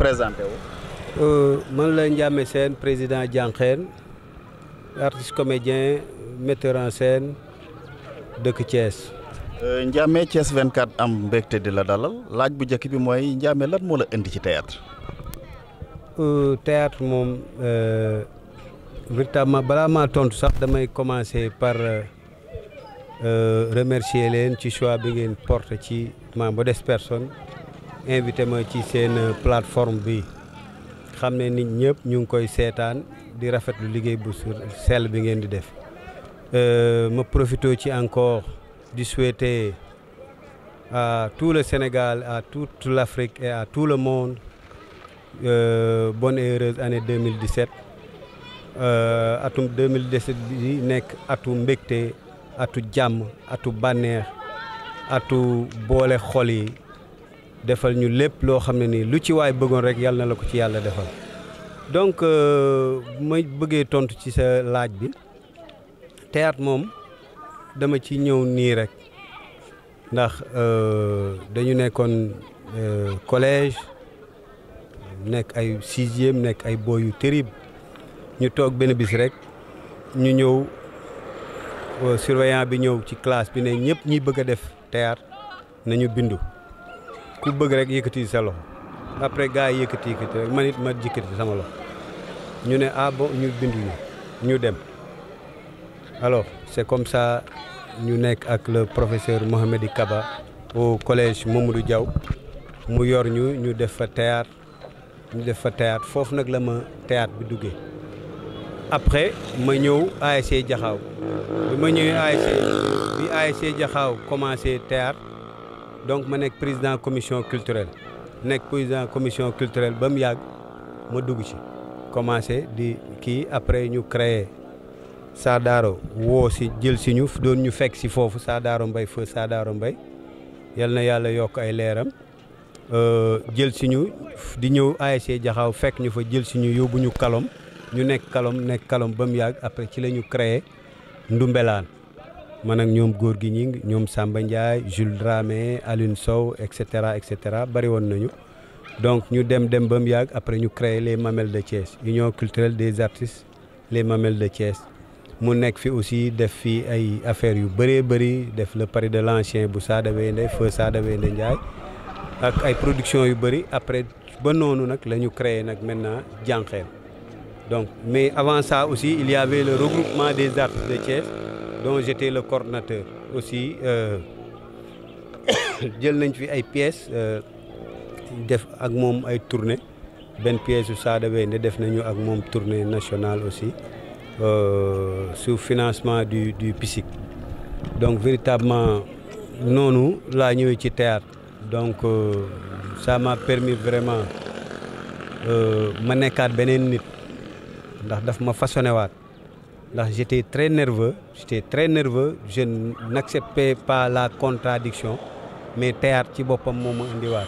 présenté wu. Euh, man la Ndiamé seen président Diankhène artiste comédien metteur en scène dëkk Thiès. Euh, Ndiamé Thiès 24 am mbégte di la dalal laaj bu njëkk bi mooy Ndiamé lan moo la indi ci théâtre euh, théâtre moom véritablement balaa maa tontu sax damay commencer par remercier leen ci choix bi ngeen porte ci ma modeste personne invité ma ci seen plateforme bi xam ne nit ñëpp ñu ngi koy seetaan di rafetlu liggéey bu sell bi ngeen di def euh, ma profité ci encore di souhaiter à tout le Sénégal à tout l'Afrique et à tout le monde euh, bonne et heureuse année 2017 euh, atum 2017 bi nekk atu mbégte atu jàmm atu bànneex atu boole xol yi defal ñu lépp loo xam ne nii lu ci waay bëggoon rek yàlla na la ko ci yàlla defal donc euh, ma bëggee tontu ci sa laaj bi théâtre moom dama ci ñëw nii rek ndax euh, dañu nekkoon euh, collège nekk ay sixième nekk ay boy yu terrible ñu toog benn bis rek ñu ñëw surveillant bi ñëw ci classe bi ne ñëpp ñi bëgg a def théâtre nañu bindu ku bëgg rek yëkkati sa loxo après gars yi yëkkati yëkkati rek man it ma jikkati sama loxo ñu ne ah ñu bind ñu dem alors c'est comme ça ñu nekk ak le professeur Mohamedi Kaba au collège du Diaw mu yor ñu ñu def fa théâtre ñu def fa théâtre foofu nag la ma théâtre bi duggee après ma ñëw ASC Jaxaaw bi ma ñëwee ASC bi ASC Jaxaaw commencé théâtre donc ma nekk président commission culturelle nekk président commission culturelle ba mu yàgg ma dugg ci commencé di kii après ñu créer saadaaro woo si jël si ñu doon ñu fekk si foofu Sadaro mbay feu saadaaro mbay yal na yàlla yokk ay leeram euh, jël si ñu di ñëw ASC Jaxaaw fekk ñu fa jël si ñu yóbbu ñu kalom ñu nekk kalom nekk kalom ba mu yàgg après ci la ñu créer Ndumbelaan man ak ñoom góor gi ñing ñoom Samba Ndiaye Jules Dramé Alioune Sow et cetera et cetera bari woon nañu donc ñu dem dem ba mu yàgg après ñu créer les mamelles de Thiès union culturelle des artistes les mamelles de Thiès mu nekk fi aussi def fi ay affaires yu bëree bëri def le paris de l'ancien bu Sada Wende feu Sada Wende Ndiaye ak ay production yu bëri après ba noonu nag la ñu créer nag maintenant jànqeen donc mais avant ça aussi il y avait regroupement des artistes dont j'étais le coordinateur aussi euh, jël nañ fi ay pièces euh, def ak moom ay tournée benn pièce su Sada Wende def nañu ak moom tournée nationale aussi euh, sous financement du du donc véritablement noonu laa ñëwee ci théâtre donc ça m'a permis vraiment ma nekkaat beneen nit ndax daf ma façonné waat ndax j'étais très nerveux j'étais très nerveux je n'acceptais pas la contradiction mais théâtre ci boppam moo ma indiwaat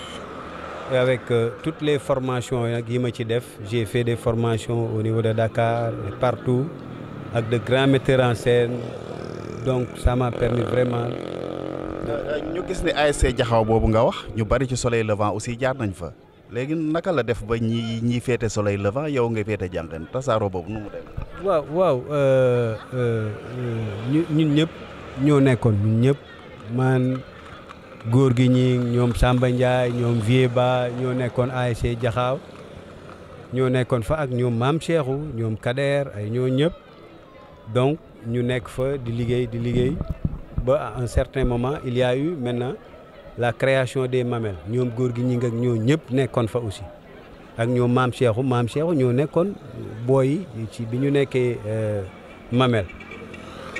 avec euh, toutes les formations nag yi ma ci def j'ai fait des formations au niveau de Dakar et partout ak de grands metteurs en scène donc ça permis vraiment ñu gis ne ASC Jaxaw boobu nga wax ñu bari ci Soleil Levant aussi jaar nañ fa léegi naka la def ba ñi ñi féete Soleil Levant yow nga féete jànqen tasaaroo boobu nu mu demee waaw waaw euh, euh, euh, ñun ñëpp ñoo nekkoon ñun ñëpp man góor gi ñi ñoom Samba Ndiaye ñoom Vieux Ba ñoo nekkoon ASC Jaxaaw ñoo nekkoon fa ak ñoom Maam Cheikhou ñoom Kader ay ñoo ñëpp donc ñu nekk fa di liggéey di liggéey ba à un certain moment il y a eu la création des mamelles ñoom góor gi ñi ak ñoo ñëpp nekkoon fa aussi ak ñoom maam Cheikhou maam Cheikhou ñoo nekkoon booy ci bi ñu nekkee euh, Mamel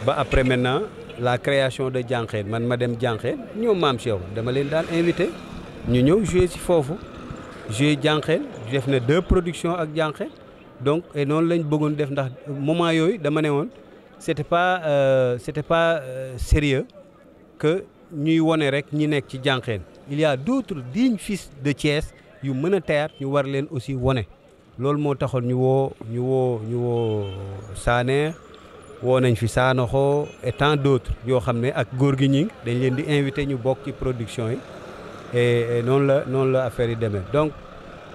ba après maintenant la création de Jànqeen man ma dem Jànqeen ñoom maam Cheikhou dama leen daan invité ñu ñëw jouer si foofu jouer Jànqeen def na deux production ak Jànqeen donc et noonu lañ bëggoon def ndax moment yooyu dama ne woon c'était pas euh, c'était pas euh, sérieux que ñuy wone rek ñi nekk ci Jànqeen il y a d'autres fils de Thiès yu mën a teer ñu war leen aussi wone loolu moo taxoon ñu woo ñu woo ñu woo Sanex woo nañ fi Sanoxo et tant d'autres yoo xam ne ak góor gi ñi dañ leen di invité ñu bokk ci production yi e noonu la noonu la affaire yi demee donc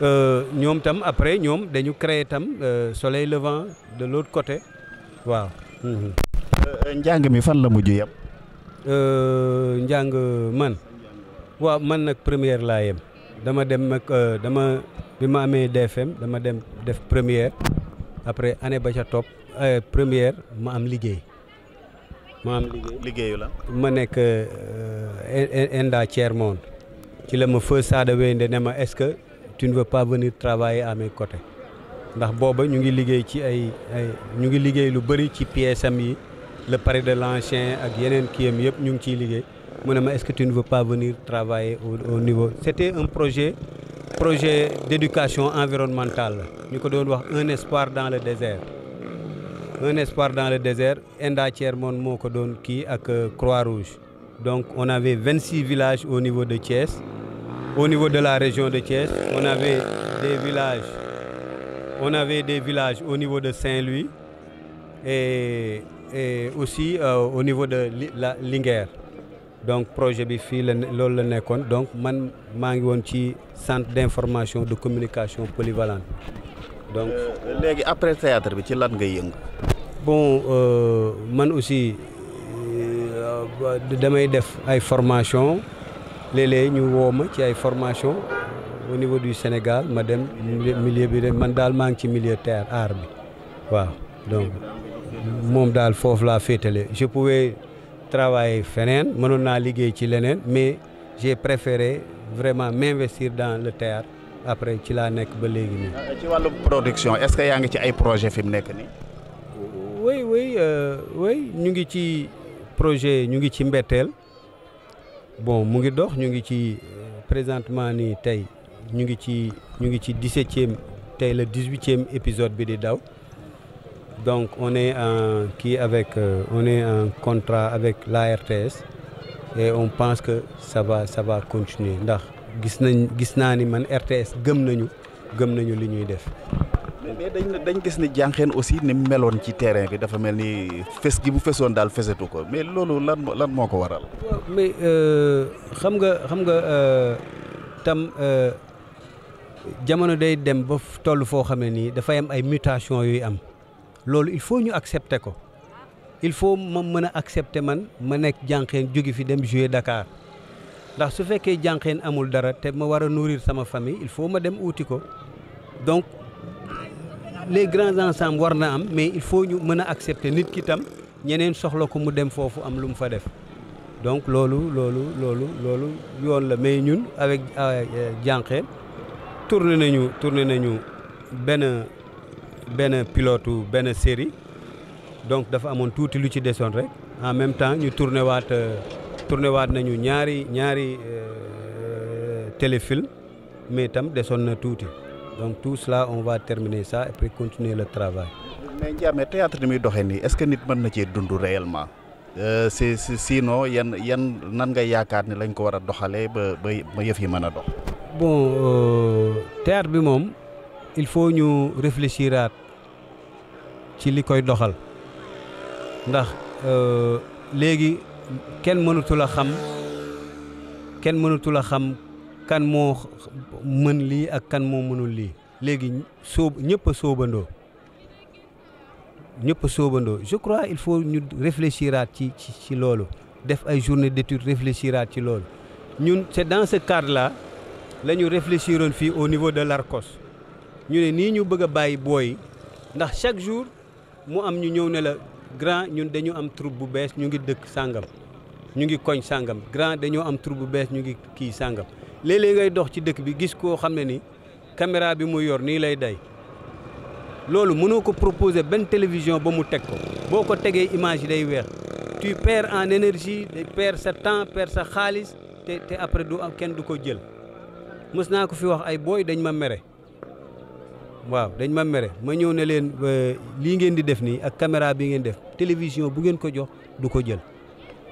euh, ñoom tam après ñoom dañu créer tam euh, soleil levant de l'autre côté waaw. Mhm. Euh, njàng mi fan la mujj yem. njàng man waaw man nag première laa yem. dama dem ak euh, dama bi ma amee DFM dama dem def première après année ba ca topp euh, première ma am liggéey. ma am liggéey liggéeyu la. ma nekk Enda euh, tiers moon ci la ma feu Sada Wende ne ma est-ce que tu ne veux pas venir travailler à mes ndax booba ñu ngi liggéey ci ay ñu ngi liggéey lu bëri ci pièces yi le pari de l'ancien ak yeneen kiyam yëpp ñu ngi ciy liggéey. mu ne ma est-ce que tu ne veux pas venir travailler au, niveau c'était un projet projet d'éducation environnementale ni ko doon wax un espoir dans le désert un espoir dans le désert Enda Thiermone moo ko doon kii ak euh, Croix-Rouge donc on avait 26 villages au niveau de Thiès au niveau de la région de Thiès on avait des villages au niveau de Saint-Louis et et aussi euh, au niveau de la Linguère donc projet bi fii la loolu la nekkoon donc man maa ngi woon ci centre d'information de communication polyvalente donc. Euh, léegi après théâtre bi ci lan ngay yëngu. bon euh, man aussi euh, damay def ay formation léeg-léeg ñu woo ma ci ay formation au niveau du Sénégal ma dem milieu bi de man daal maa ngi ci milieu théâtre art bi waaw donc moom daal foofu laa féetale travailler feneen mënoon naa liggéey ci leneen mais j'ai préféré vraiment m'investir dans le théâtre après ci laa nekk ba léegi nii. wàllu production est-ce que yaa ngi ci ay projet fi mu nekk nii. oui euh, oui ñu ngi ci projet ñu ngi ci mbetteel bon mu ngi dox ñu ngi ci euh, présentement ni tey ñu ngi ci ñu ngi ci dix-septième tey le dix-huitième épisode bi di daw. Donc on est en, qui avec, euh, on est en contrat avec l'ARTS et on pense que ça va, ça continuer. ndax gis nañ gis naa ni man RTS gëm nañu gëm nañu li ñuy def. mais dañ dañ gis ni jànqeen aussi ni meloon ci terrain bi dafa mel ni fes gi bu fesoon daal fesetu ko mais loolu lan lan moo ko waral. mais euh, xam nga xam nga euh, tam euh, jamono day dem ba tollu foo xam ne nii dafay am ay mutation yuy am. loolu il faut ñu accepter ko il faut ma mën a accepter man ma nekk jànqeen jóge fi dem jouer Dakar ndax su fekkee jànqeen amul dara te ma war a nourrir sama famille il faut ma dem uuti ko donc les grands ensembles war na am mais il faut ñu mën a accepter nit ki tam ñeneen soxla ko mu dem foofu am lu mu fa def donc loolu loolu loolu loolu yoon la mais ñun avec euh, jànqeen tourné nañu tourné nañu benn benn pilote benn série donc dafa amoon tuuti lu ci desoon rek en même temps ñu tourné waat euh, tourné waat nañu ñaari ñaari euh, téléfilm mais itam desoon na tuuti donc tout la on va terminer sa et puis continuer le travail. mais Ndiamé théâtre ni muy doxee nii est-ce que nit mën na cee dundu réellement. Euh, si si sinon yan yan nan nga yaakaar ni lañ ko war a doxalee ba ba yëf yi mën a dox. bon théâtre bi moom. il faut ñu réfléchiraat ci li koy doxal ndax euh, léegi kenn mënatul a xam kenn mënatul a xam kan moo mën lii ak kan moo mënul lii léegi sóob ñëpp a sóobandoo ñëpp a je crois il faut ñu réfléchiraat ci ci ci loolu def ay journée d'étude réfléchiraat ci loolu ñun c'est dans ce cadre là la ñu réfléchiroon fii au niveau de l'ARCOS ñu ne nii ñu bëgg a bàyyi booy ndax chaque jour mu am ñu ñëw ne la grand ñun dañu am troupe bu bees ñu ngi dëkk sàngam ñu ngi koñ sàngam grand dañoo am troupe bu bees ñu ngi kii sàngam léeg ngay dox ci dëkk bi gis koo xam ne ni caméra bi mu yor nii lay day loolu mënoo ko proposer benn télévision ba mu teg ko boo ko tegee image day weex tu perds en énergie day perds sa temps perds sa xaalis te te après du am kenn du ko jël mës naa ko fi wax ay booy dañ ma mere waaw dañ ma mere ma ñëw ne leen euh, lii ngeen di def nii a caméra bi ngeen def télévision bu ngeen ko jox du ko jël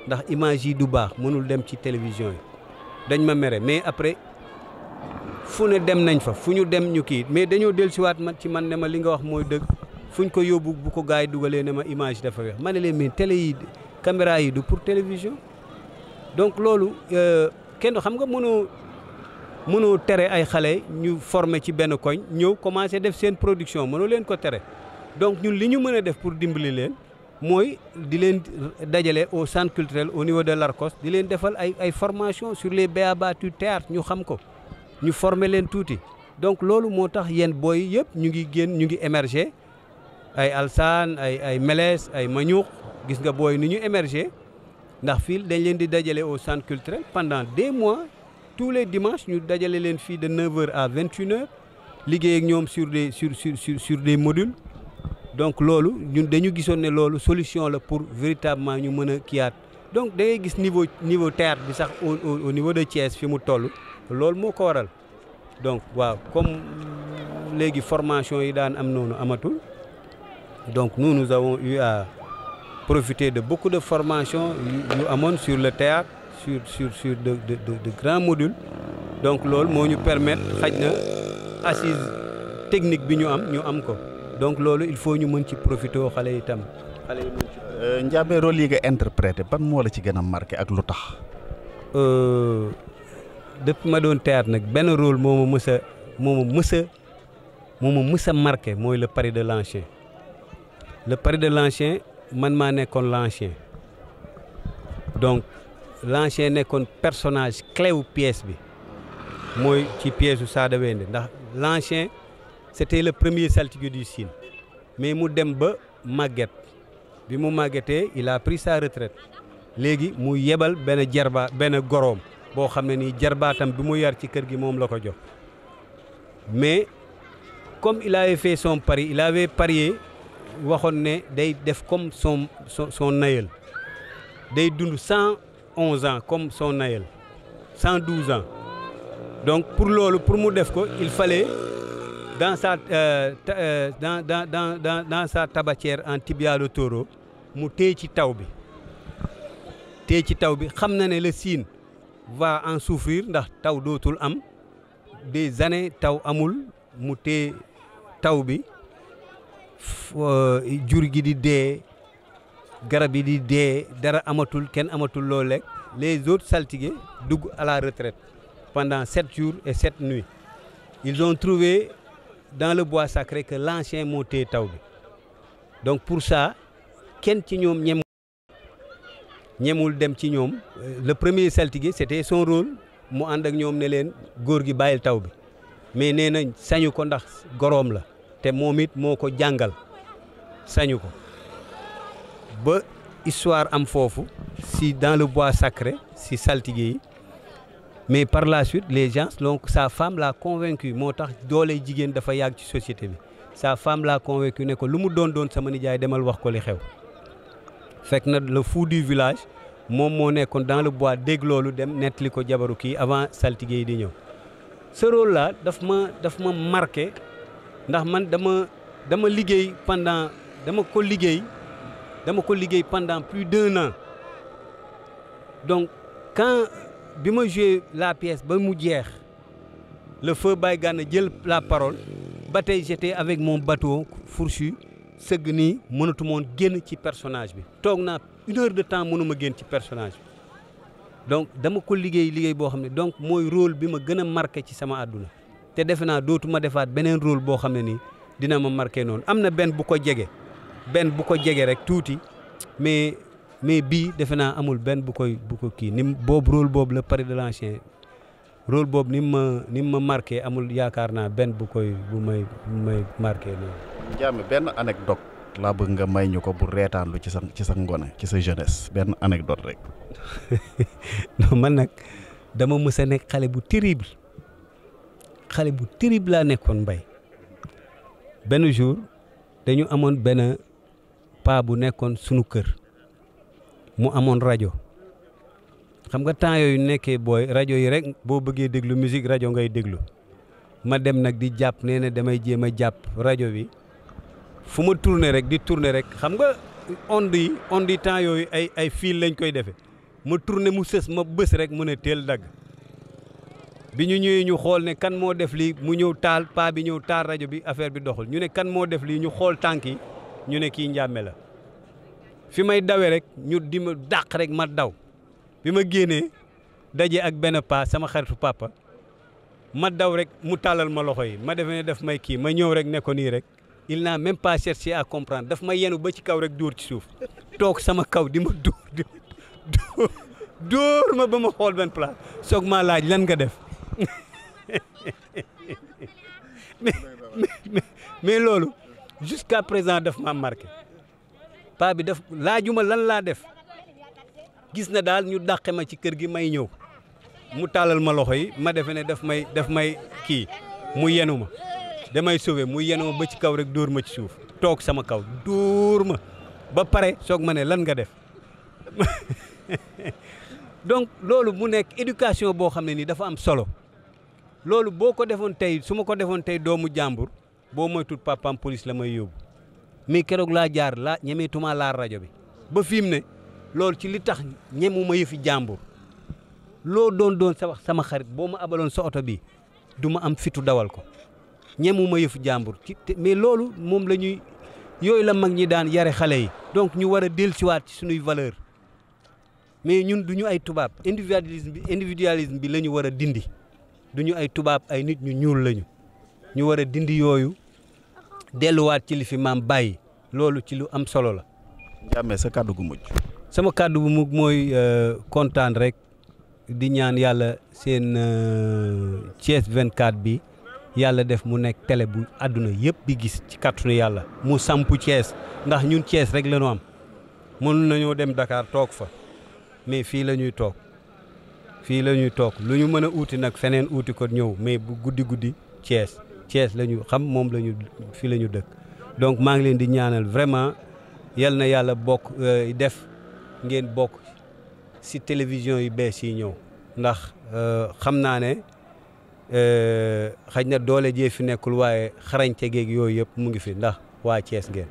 ndax image yi du baax mënul dem ci télévision yi dañ ma mere mais après fu ne dem nañ fa fu ñu dem ñu kii mais dañoo dellusiwaat man ci man ne ma li nga wax mooy dëgg fu ñu ko yóbbu bu ko gars yi dugalee ne ma image dafa weex ma ne leen mais télé yi caméra yi du pour télévision donc loolu euh, kenn xam nga mënoo mënoo tere ay xale ñu former ci benn koñ ñëw commencé def seen production mënoo leen ko tere donc ñun li ñu mën a def pour dimbali leen mooy di leen dajale au centre culturel au niveau de l'ARCOS di leen defal ay ay formation sur les b.a.-ba du ñu xam ko ñu former leen tuuti donc loolu moo tax yéen booy yëpp ñu ngi génn ñu ngi émerger ay alsaan ay ay meles ay mañuux gis nga booy ni ñu émerger ndax fii dañ leen di dajale au sant culturel pendant des mois tous les dimanches ñu dajale leen fii de 9h à 21h liggéey ak ñoom sur des sur sur sur sur des modules donc loolu ñun dañu gisoon ne loolu solution la pour véritablement ñu mën a kiyaat donc da gis niveau niveau théâtre bi sax au niveau de Thiès fi mu toll loolu moo ko waral donc waaw comme léegi formation yi daan am noonu amatul donc nous nous avons eu de beaucoup de formation yu amoon sur le théâtre sur sur sur de de de grands modules donc loolu moo ñu permettre xaj na assise technique bi ñu am ñu am ko donc loolu il faut ñu mën ci profité xale yi tam xale yi mën ci. Euh, Ndiamé rôle yi nga interprété ban moo la ci gën a marqué ak lu tax. Euh, depuis ma doon théâtre nag benn rôle moo ma mës a moo ma mës a marqué mooy le pari de l'ancien le pari de l'ancien man maa nekkoon l'ancien donc. l'ancien nekkoon personnage clé wu bi mooy ci pièce su Sada Wende ndax l'ancien c'était le premier saltige du Sine mais mu dem ba màgget bi mu màggetee il a pris sa retraite léegi mu yebal benn jarba benn goroom boo xam ne nii jarbaatam bi mu yar ci kër gi moom la ko jox mais comme il avait fait son pari il avait parié waxoon ne day def comme som son son nayal day dund 11 ans comme son cent 112 ans donc pour loolu pour mu def ko il fallait dans sa euh, euh, dans dans dans dans sa tabatière en mu téye ci taw bi téye ci taw bi xam na ne le Sine va en souffrir ndax taw dootul am de années taw amul mu téye taw bi euh, jur gi di dee. garab yi di dee dara amatul kenn amatul loo lekk les autres saltigués dugg à la retraite pendant sept jours et sept nuits ils ont trouvé dans le bois sacré que l'ancien moo téye taw bi donc pour sa kenn ci ñoom ñem ñemul dem ci ñoom le premier saltigué c'était son rôle mu ànd ak ñoom ne leen góor gi bàyyil taw bi mais nee na sañu ko ndax goroom la te moom it moo ko jàngal sañu ko ba histoire am foofu si dans le bois sacré si saltige yi mais par la suite les gens donc sa femme l'a convaincu moo tax doole jigéen dafa yàgg ci société bi sa femme l'a convaincu ne ko lu mu doon doon sama nijaay demal wax ko li xew fekk na le fout du village moom moo nekkoon dans le bois dégg loolu dem nettali ko jabaru kii avant saltige yi di ñëw ce rôle là ma daf ma marqué ndax man dama dama liggéey pendant dama ko liggéey dama ko liggéey pendant plus d'un an donc quand bi ma joué la pièce ba mu jeex le feu Baye Gana jël la parole ba tey jete avec mon bateau fourchu sëgg nii mënatuma woon génn ci personnage bi toog naa une heure de temps mënuma génn ci personnage bi donc dama ko liggéey liggéey boo xam ne donc mooy rôle bi ma gën a marqué ci sama àdduna te defe naa dootuma defaat beneen rôle boo xam ne nii dina ma marqué noonu am na benn bu ko jege benn bu ko jege rek tuuti mais mais bii defe naa amul benn bu koy bu ko kii ni boobu rôle boobu la pare de l'ancien rôle boobu ni ma ni ma marqué amul yaakaar naa benn bu koy bu may bu may marqué noonu. Jaame benn anecdote laa bëgg nga may ñu ko bu reetaan lu ci sa ci sa ngone ci sa jeunesse benn anecdote rek. non man nag dama mës a nekk xale bu terrible xale bu terrible laa nekkoon mbay benn jour dañu amoon benn. paa bu nekkoon sunu kër mu amoon rajo xam nga temps yooyu nekkee booy rajo yi rek boo bëggee déglu musique rajo ngay déglu ma dem nag di jàpp nee na damay jéem a jàpp rajo bi fu ma tourné rek di tourné rek xam nga onde yi onde yi temps yooyu ay ay fil lañ koy defee ma tourné mu sës ma bës rek mu ne teel dagg bi ñu ñëwee ñu xool ne kan moo def lii mu ñëw taal paa bi ñëw taal rajo bi affaire bi doxul ñu ne kan moo def lii ñu xool tànk yi ñu ne kii njàmme la fi may dawee rek ñu di ma dàq rek ma daw bi ma génnee daje ak benn paa sama xaritu papa ma daw rek mu tàllal ma loxo yi ma defe ne daf may kii ma ñëw rek ne nii rek il n'a même pas cherché à comprendre daf ma yenu ba ci kaw rek dóor ci suuf toog sama kaw di ma dóor di dóor ma ba ma xool benn place soog maa laaj lan nga def mais loolu jusqu'à présent daf ma marqué paa bi daf laajuma lan laa def gis na daal ñu dàqe ma ci kër gi may ñëw mu tàllal ma loxo yi ma defe ne daf may daf may kii mu yenu ma damay sauver mu yenu ma ba ci kaw rek dóor ma ci suuf toog sama kaw dóor ma ba pare soog ma ne lan nga def donc loolu mu nekk éducation boo xam ne nii dafa am solo loolu boo ko defoon tey su ma ko defoon tey doomu jàmbur boo moytuwul papaam police la may yóbbu mais keroog laa jaar laa ñemeetuma laa rajo bi ba fi mu ne loolu ci li tax ñemu ma yëfi jàmbur loo doon doon sa sama xarit boo ma abaloon sa oto bi du ma am fitu dawal ko ñemu ma yëfi jàmbur ci mais loolu moom la ñuy yooyu la mag ñi daan yare xale yi donc ñu war a dellusiwaat ci suñuy valeur mais ñun duñu ay tubaab individualisme bi individualisme bi la ñu war a dindi du ñu ay tubaab ay nit ñu ñuul lañu ñu war a dindi yooyu delluwaat ci li fi maam bàyyi loolu ci lu am solo la. Ndiamé sa kàddu gu mujj. sama kàddu bu mujj mooy euh, kontaan rek di ñaan yàlla seen euh, Thiès 24 bi yàlla def mu nekk tele bu àdduna yëpp bi gis ci kàttanu yàlla mu sampu Thiès ndax ñun cees rek la ñu am mën nañoo dem Dakar toog fa mais fii la ñuy toog fii la ñuy toog lu ñu mën a uuti nag feneen uuti ko ñëw mais bu guddi guddi Thiès. Thiès la ñu xam moom la ñu fi la ñu dëkk donc maa ngi leen di ñaanal vraiment yal na yàlla bokk euh, def ngeen bokk si télévision yu bee si ñëw ndax euh, xam naa ne euh, xaj na doole jee fi nekkul waaye xarañte geeg yooyu yëpp mu ngi fi ndax waa Thiès ngeen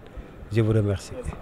je vous remercie